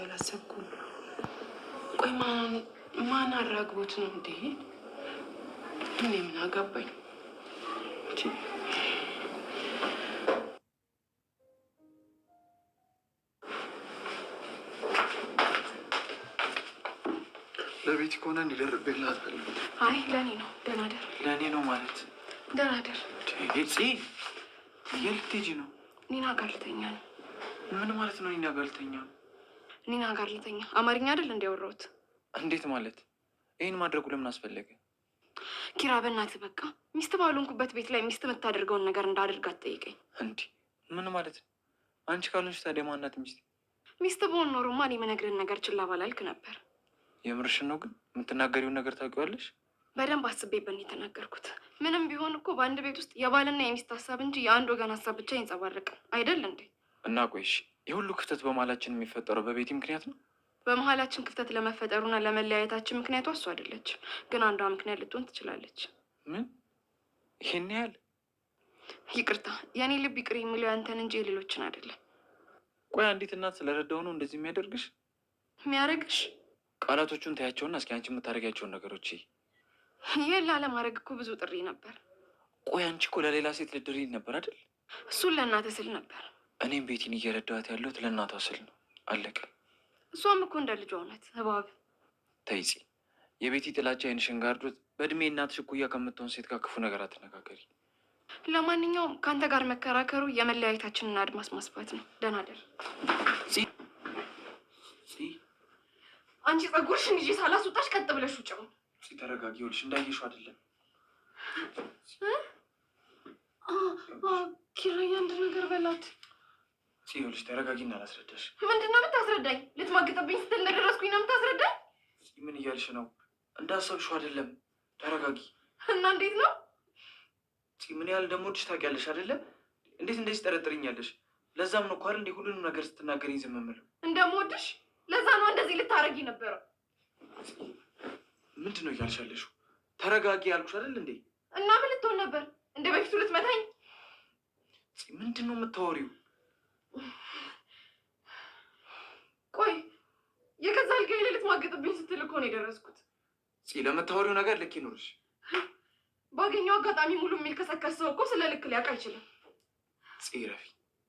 እያላሰብኩ ነው። ቆይ ማን አራግቦት ነው እንዴ? እኔ ምን ለቤት ከሆነ አይ ለእኔ ነው። ደህና ደር። ለእኔ ነው ማለት ደህና ደር። ነው? ነው። ምን ማለት ነው ነው? እኔና ጋር ልተኛ። አማርኛ አይደል እንዲያወራሁት? እንዴት ማለት? ይህን ማድረጉ ለምን አስፈለገ? ኪራ በእናትህ በቃ ሚስት ባልሆንኩበት ቤት ላይ ሚስት የምታደርገውን ነገር እንዳደርግ አትጠይቀኝ። እንዲህ ምን ማለት ነው? አንቺ ካልሆንሽ ታዲያ ማናት ሚስት? ሚስት በሆን ኖሮማ እኔ የምነግርህን ነገር ችላ ባላልክ ነበር። የምርሽን ነው? ግን የምትናገሪውን ነገር ታውቂዋለሽ? በደንብ አስቤበት ነው የተናገርኩት። ምንም ቢሆን እኮ በአንድ ቤት ውስጥ የባልና የሚስት ሀሳብ እንጂ የአንድ ወገን ሀሳብ ብቻ ይንጸባረቃል አይደል እንዴ? እና ቆይሽ የሁሉ ክፍተት በመሀላችን የሚፈጠረው በቤቲ ምክንያት ነው። በመሀላችን ክፍተት ለመፈጠሩና ለመለያየታችን ምክንያቱ እሷ አይደለችም፣ ግን አንዷ ምክንያት ልትሆን ትችላለች። ምን? ይህን ያህል? ይቅርታ፣ የኔ ልብ ይቅር የሚለው ያንተን እንጂ የሌሎችን አይደለም። ቆይ አንዲት እናት ስለረዳው ነው እንደዚህ የሚያደርግሽ የሚያደርግሽ? ቃላቶቹን ታያቸውና እስኪ አንቺ የምታደርጊያቸውን ነገሮች። ይህን ላለማድረግ እኮ ብዙ ጥሪ ነበር። ቆይ አንቺ እኮ ለሌላ ሴት ልድሪ ነበር አይደል? እሱን ለእናትህ ስል ነበር እኔም ቤቲን እየረዳት ያለሁት ለእናቷ ስል ነው። አለቀ። እሷም እኮ እንደ ልጇ እውነት እባብ ተይጺ። የቤቲ ጥላቻ ዓይንሽን ጋርዶት በእድሜ እናትሽ እኩያ ከምትሆን ሴት ጋር ክፉ ነገር አትነጋገሪ። ለማንኛውም ከአንተ ጋር መከራከሩ የመለያየታችንን አድማስ ማስፋት ነው። ደህና ደር። አንቺ ጸጉርሽን ይዤ ሳላስወጣሽ ቀጥ ብለሽ ውጭ ነው። ተረጋጊ። ይኸውልሽ እንዳየሽው አይደለም። ኪራይ አንድ ነገር በላት ይኸውልሽ ተረጋጊና አላስረዳሽ። ምንድን ነው የምታስረዳኝ? ልትማግጠብኝ ስትል እንደደረስኩኝ ነው የምታስረዳኝ? ምን እያልሽ ነው? እንዳሰብሽው አይደለም። ተረጋጊ እና እንዴት ነው ምን ያህል ደግሞ ወድሽ ታውቂያለሽ አይደለም? እንዴት እንደዚህ ጠረጥርኛለሽ? ለዛም ነው ኳር እንዲህ ሁሉንም ነገር ስትናገርኝ ዝም የምለው። እንደምወድሽ ለዛ ነው እንደዚህ ልታረጊ ነበረው። ምንድን ነው እያልሻለሽ? ተረጋጊ ያልኩሽ አይደል እንዴ? እና ምን ልትሆን ነበር? እንደ በፊቱ ልትመታኝ? ምንድን ነው የምታወሪው? ቆይ የከዛ አልጋዬ የሌሊት ማገጥብኝ ስትል እኮ ነው የደረስኩት። እስኪ ለምታወሪው ነገር ልክ ይኑርሽ። ባገኘው አጋጣሚ ሙሉ የሚልከሰከስ ሰው እኮ ስለ ልክ ሊያውቅ አይችልም። ረፊ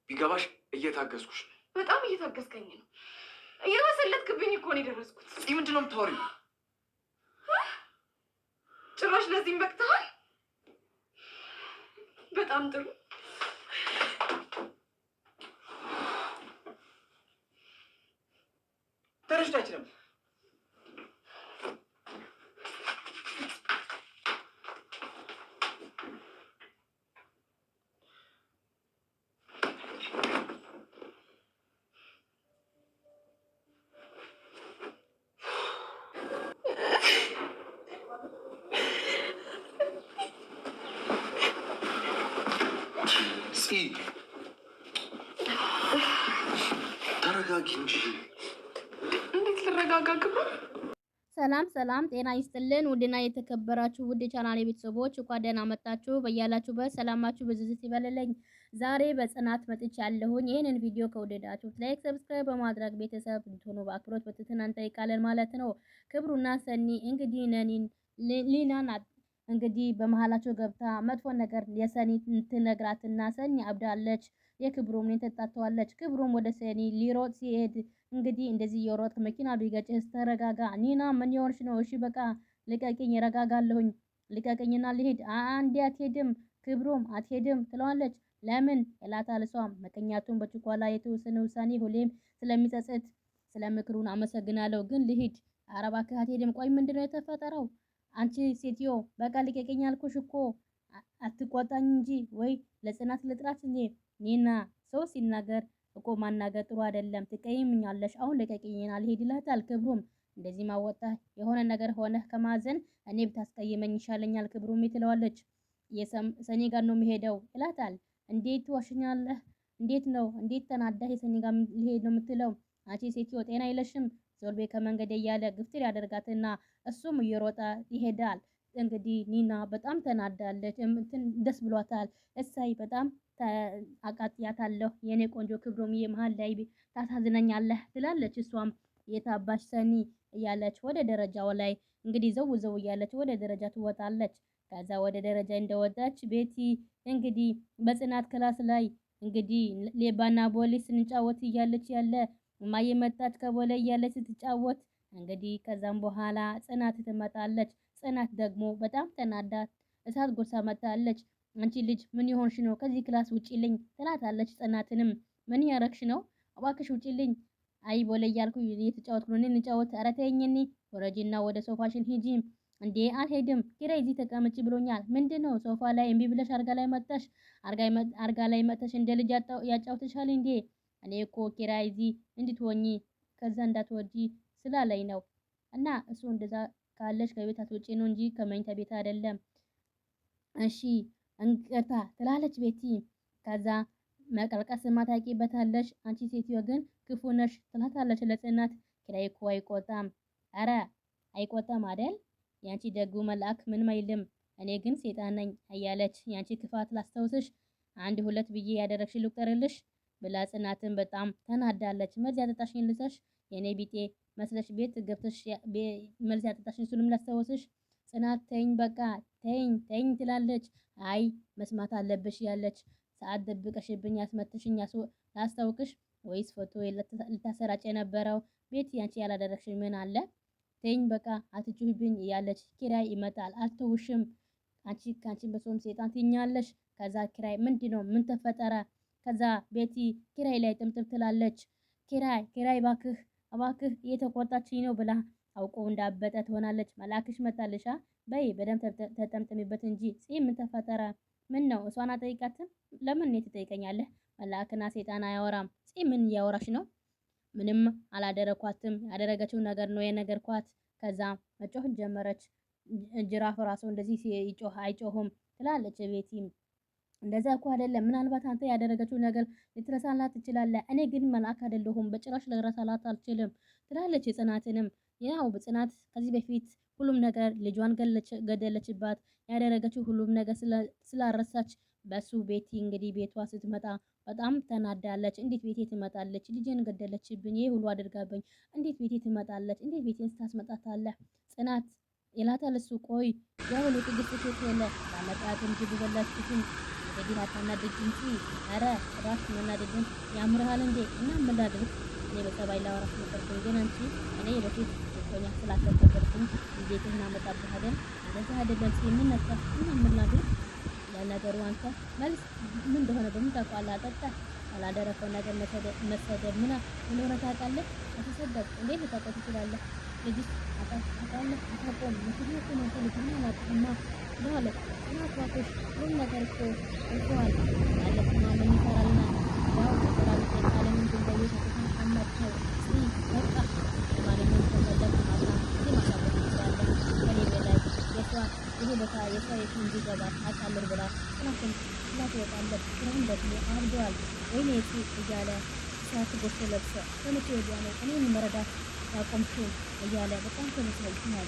ቢገባሽ እየታገዝኩሽ ነው። በጣም እየታገዝከኝ ነው። እየመሰለትክብኝ እኮ ነው የደረስኩት። ምንድን ነው የምታወሪው? ጭራሽ ለዚህም በቅተሃል። በጣም ጥሩ побеждателем. Спи. Дорогая Гинджи. ሰላም ሰላም፣ ጤና ይስጥልን ውድና የተከበራችሁ ውድ ቻናሌ ቤተሰቦች እንኳን ደህና መጣችሁ። በያላችሁበት ሰላማችሁ ብዝዝት ይበልልኝ። ዛሬ በጽናት መጥቻለሁኝ። ይህንን ቪዲዮ ከወደዳችሁት ላይክ፣ ሰብስክራይብ በማድረግ ቤተሰብ እንድትሆኑ በአክብሮት በትህትና እንጠይቃለን ማለት ነው። ክብሩና ሰኒ እንግዲህ ነኒን ሊናን እንግዲህ በመሀላቸው ገብታ መጥፎ ነገር የሰኒ ትነግራትና ሰኒ አብዳለች። የክብሩም እኔን ተጣተዋለች። ክብሩም ወደ ሰኒ ሊሮጥ ሲሄድ እንግዲህ እንደዚህ እየወረወጥክ መኪና ቢገጭህ ተረጋጋ ኒና ምን የሆንሽ ነው? እሺ በቃ ልቀቅኝ፣ ረጋጋለሁኝ፣ ልቀቅኝና ልሄድ። አንዴ አትሄድም፣ ክብሮም አትሄድም ትለዋለች። ለምን እላታል እሷም። ምክንያቱም በችኮላ የተወሰነ ውሳኔ ሁሌም ስለሚጸጽት ስለ ምክሩን አመሰግናለሁ፣ ግን ልሂድ። ኧረ እባክህ አትሄድም። ቆይ ምንድነው የተፈጠረው? አንቺ ሴትዮ በቃ ልቀቅኝ አልኩሽ እኮ አትቆጣኝ እንጂ ወይ ለጽናት ልጥራት። ኒና ሰው ሲናገር እኮ ማናገር ጥሩ አይደለም፣ ትቀይምኛለሽ፣ አሁን ልቀቂኝን፣ አልሄድላት አልክብሩም እንደዚህ ማወጣ የሆነ ነገር ሆነህ ከማዘን እኔ ብታስቀይመኝ ይሻለኛል ክብሩም ትለዋለች። የሰኔ ጋር ነው የሚሄደው ይላታል። እንዴት ትዋሽኛለህ? እንዴት ነው እንዴት ተናዳህ? የሰኔ ጋር ሊሄድ ነው የምትለው? አንቺ ሴትዮ ጤና የለሽም። ዞርቤ ከመንገድ እያለ ግፍትር ያደርጋትና እሱም እየሮጠ ይሄዳል። እንግዲህ ኒና በጣም ተናዳለች። እንትን ደስ ብሏታል። እሳይ በጣም አቃጥያታለሁ የኔ ቆንጆ ክብሮም መሀል ላይ ታሳዝነኛለህ ትላለች። እሷም የታባሽ ሰኒ እያለች ወደ ደረጃው ላይ እንግዲህ ዘው ዘው እያለች ወደ ደረጃ ትወጣለች። ከዛ ወደ ደረጃ እንደወጣች ቤቲ እንግዲህ በጽናት ክላስ ላይ እንግዲህ ሌባና ፖሊስ ስንጫወት እያለች ያለ እማዬ መጣች ከቦሌ እያለች ስትጫወት እንግዲህ ከዛም በኋላ ጽናት ትመጣለች። ጽናት ደግሞ በጣም ተናዳት እሳት ጎርሳ መታለች። አንቺ ልጅ ምን ይሆንሽ ነው? ከዚህ ክላስ ውጪልኝ ትላታለች። ጽናትንም ምን ያረግሽ ነው? እባክሽ ውጪልኝ። አይ ቦሌ እያልኩ እየተጫወትኩ ነው። እኔን እንጫወት። ኧረ ተይኝኒ። ወረጂና ወደ ሶፋሽን ሂጂ። እንዴ አልሄድም፣ ኪራይ እዚህ ተቀመጪ ብሎኛል። ምንድነው ሶፋ ላይ እምቢ ብለሽ አርጋ ላይ መጣሽ? አርጋ ላይ መጣሽ እንደ ልጅ ያጫውትሻል እንዴ? እኔ እኮ ኪራይ እዚህ እንድትሆኚ ከዛ እንዳትወጂ ስላለኝ ነው እና እሱ እንደዛ ካለሽ ከቤት አትውጪ ነው እንጂ ከመኝታ ቤት አይደለም። እሺ እንቅርታ ትላለች ቤቲ። ከዛ መቀልቀስ ማታቂበታለሽ አንቺ ሴትዮ ግን ክፉ ነሽ ትላታለች ለጽናት። ኪራይ እኮ አይቆጣም። አረ አይቆጣም አይደል? ያንቺ ደጉ መልአክ ምንም አይልም። እኔ ግን ሴጣን ነኝ እያለች ያንቺ ክፋት ላስታውስሽ አንድ ሁለት ብዬ ያደረግሽ ልቁጠርልሽ ብላ ጽናትን በጣም ተናዳለች። መርዝ ያጠጣሽኝ ልሰሽ የኔ ቢጤ መስለሽ ቤት ገብተሽ መልስ ያጠጣሽን እሱንም ላስታወስሽ። ጽናት ተኝ በቃ ተኝ ተኝ ትላለች። አይ መስማት አለብሽ ያለች ሰዓት ደብቀሽብኝ ያስመትሽኝ ላስታውቅሽ ወይስ ፎቶ ልታሰራጭ የነበረው ቤት ያንቺ ያላደረግሽ ምን አለ? ተኝ በቃ አትጩህብኝ ያለች ኪራይ ይመጣል። አልተውሽም አንቺ ካንቺ በሰውም ሴጣን ትኛለሽ። ከዛ ኪራይ ምንድነው ምን ተፈጠረ? ከዛ ቤቲ ኪራይ ላይ ጥምጥም ትላለች። ኪራይ ኪራይ ባክህ እባክህ እየተቆጣችኝ ነው ብላ አውቆ እንዳበጠ ትሆናለች። መላክሽ መታለሻ በይ በደንብ ተጠምጥሚበት እንጂ ጽይ ምን ተፈጠረ? ምን ነው እሷን አጠይቃትም? ለምን እኔ ትጠይቀኛለህ? መላክና ሰይጣን አያወራም። ጽይ ምን እያወራሽ ነው? ምንም አላደረኳትም። ያደረገችው ነገር ነው የነገርኳት። ከዛ መጮህ ጀመረች። ጅራፍ ራሱ እንደዚህ ይጮህ አይጮህም ትላለች ቤቲም እንደዛ እኮ አይደለም። ምናልባት አንተ ያደረገችው ነገር ልትረሳላት ትችላለህ። እኔ ግን መልአክ አይደለሁም፣ በጭራሽ ልረሳላት አልችልም ትላለች። የጽናትንም ያው ጽናት ከዚህ በፊት ሁሉም ነገር ልጇን ገደለችባት። ያደረገችው ሁሉም ነገር ስላረሳች በሱ ቤቲ እንግዲህ ቤቷ ስትመጣ በጣም ተናዳለች። እንዴት ቤቴ ትመጣለች? ልጄን ገደለችብኝ፣ ይህ ሁሉ አድርጋብኝ፣ እንዴት ቤቴ ትመጣለች? እንዴት ቤቴን ስታስመጣታለህ? ጽናት ይላታል እሱ። ቆይ ያው ሁሉ ሴት የለ ባለቃትም ትግበላችሁትም እንግዲህ አታናድጅ እንጂ ኧረ እባክሽ መናደድን ያምርሃል እንዴ? እና ምን ላድርግ እኔ በሰባይ ላወራሽ ነበርኩኝ፣ ግን አንቺ እኔ በፊት ቆኛ ስላልተቀበልኩኝ እንዴትህን አመጣብህ እንደዚህ አይደለም ሲል ምን እና ምን ላድርግ ለነገሩ አንተ መልስ ምን እንደሆነ በምን ታውቀዋለህ? አጠጣ አላደረከው ነገር መሰደብ ምን እንደሆነ ታውቃለህ? ከተሰደብ እንዴት ልታውቀው ትችላለህ? ልጅ አጣለ አታውቀውም። ምክንያቱም አንተ ልጅ ምን ማለት ማጥፋቶች ምን ነገር እኮ እኮዋል ማለት ምን ይፈራልና ያው ተቆራጭ የቃለም ድንጋይ ተተመተው ሲ በቃ ማለት ነው። ተሰለፍ አላ ሲማሳበት ይችላል ከኔ በላይ የሷ ይሄ ቦታ የሷ የት እንዲገባ አቃለር ብላ ጥናትን ጥናት ይወጣለት ስለሁም ደግሞ አብደዋል ወይኔ ሲ እያለ ሰዓት ጎሶ ለብሰ ከመቼ ወዲያ ነው እኔን መረዳት ያቆምሽው እያለ በጣም ተመስለይትናል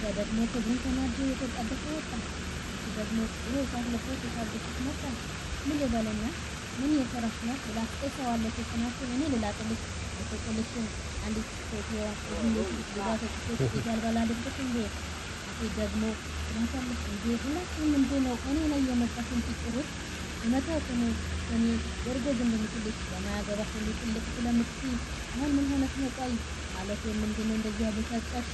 ስጋ ደግሞ ክብሩን ተናዶ የተጣደፈ ወጣ። ደግሞ ሮዛን ለፎ የታደፉት መጣ። ምን ልበልና ምን የሰራሽ ነው ብላት እሰዋለት ጽናቱ እኔ ልላጥልሽ የተጥልሽን አንዲት ሴት ያልበላልበት እንዴ ደግሞ ትላታለች እንዴ ሁላችሁም እንዴ ነው እኔ ላይ የመጣትን ችግሮች እመታት ነው እኔ ወርጎዝ እንደምትልሽ ለማያገባሽ ትልቅ ስለምትይ አሁን ምን ሆነት ነው ቆይ ማለት ምንድነው እንደዚህ ያበሳጫሽ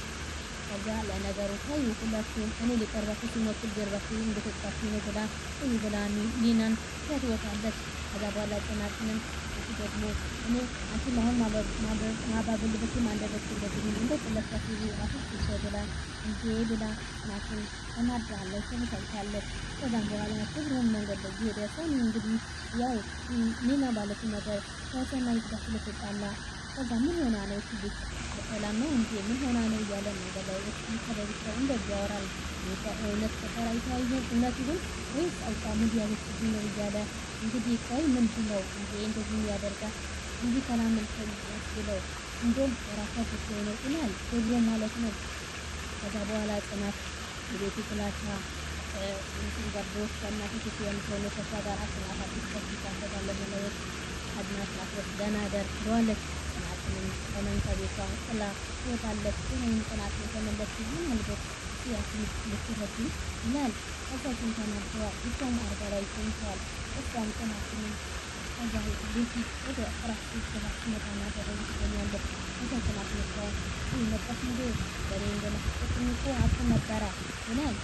ከዛ ለነገሩ ታይ ሁላችሁም እኔ ሊቀርባችሁ ሲሞክል ጀርባችሁ እንደተጣችሁ ነው ብላ እኔ ብላ ኒናን ትወጣለች። ከዛ በኋላ ጽናትንም እሱ ደግሞ እኔ አንቺ ለአሁን ማባበልበትም አልደረስኩለትም እንደ ጥለቻት ይዙ ራሱ ሲሰ ብላ እንዴ ብላ ጽናትን እናዳለች፣ ተመሳይታለች። ከዛም በኋላ ሁሉም መንገድ በዚ ሄደ። ሰው እንግዲህ ያው ኒና ባለችው ነገር ከሰማይ ጋር ስለተጣላ ከዛ ምን ሆና ነው ሲል በሰላም ነው እንጂ ምን ሆና ነው እያለ ነው በላይበት ተደብቆ እንደዚህ ያወራል። እውነት ተጠራ ይታየ እውነት ይሁን ወይ አልቃ ምን ያለችብኝ ነው እያለ እንግዲህ ቆይ ምንድን ነው እንዴ እንደዚህ ያደርጋል እንጂ ሰላምን ሲለው እንዶም ራሳ ጉዳይ ነው ይላል ገብሮ ማለት ነው። ከዛ በኋላ ጽናት የቤቱ ጥላቻ ምስል ጋር በወስዳና ፊት የምትሆነ ከሷ ጋር አስናት አዲስ ከፊት አሰጋለ ለመወት አድናት ላትወስደናደር ብለዋለች። አልችልም። ከመኝታ ቤቷ ጥላ የታለች እኔን ጥላት የተመለስ ሲሆን መልበት ሲያስል ልትረፊ ይላል። እሳችን ተናግረዋል። ብቻም አርባ ላይ ተኝተዋል። እሷም ጥናትንም ከዛ ቤት ወደ ራስ ስላ ስመጣና ተደኝ ይገኛለች። እሳ ጥናት መጥተዋል። ሲመጣት እንደ በሬ እንደመሰጠት አቶ ነበረ ይላል።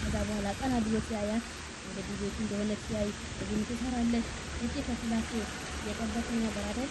ከዛ በኋላ ቀና ብሎ ሲያያት ወደ ቤት እንደሆነ ሲያይ እዚህ ትሰራለች ውጭ ከስላሴ የጠበቀኝ ነገር አይደል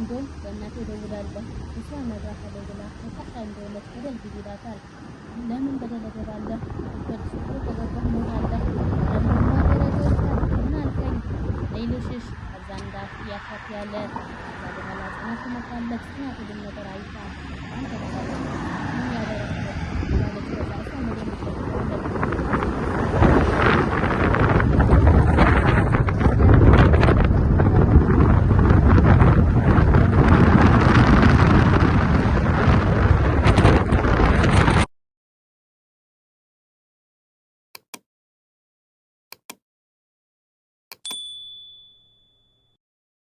እንደውም በእናቴ ደውላልባ እሷ ነግራታ ደውላ ከቀሳ እንደሆነች በደል ይላታል። ለምን በደል ገባለ በድስቶ ተገባ ሞታለ እናንተኝ ሌሎሽሽ ያለ በኋላ ጽናት ጽናት ነገር አይታ ምን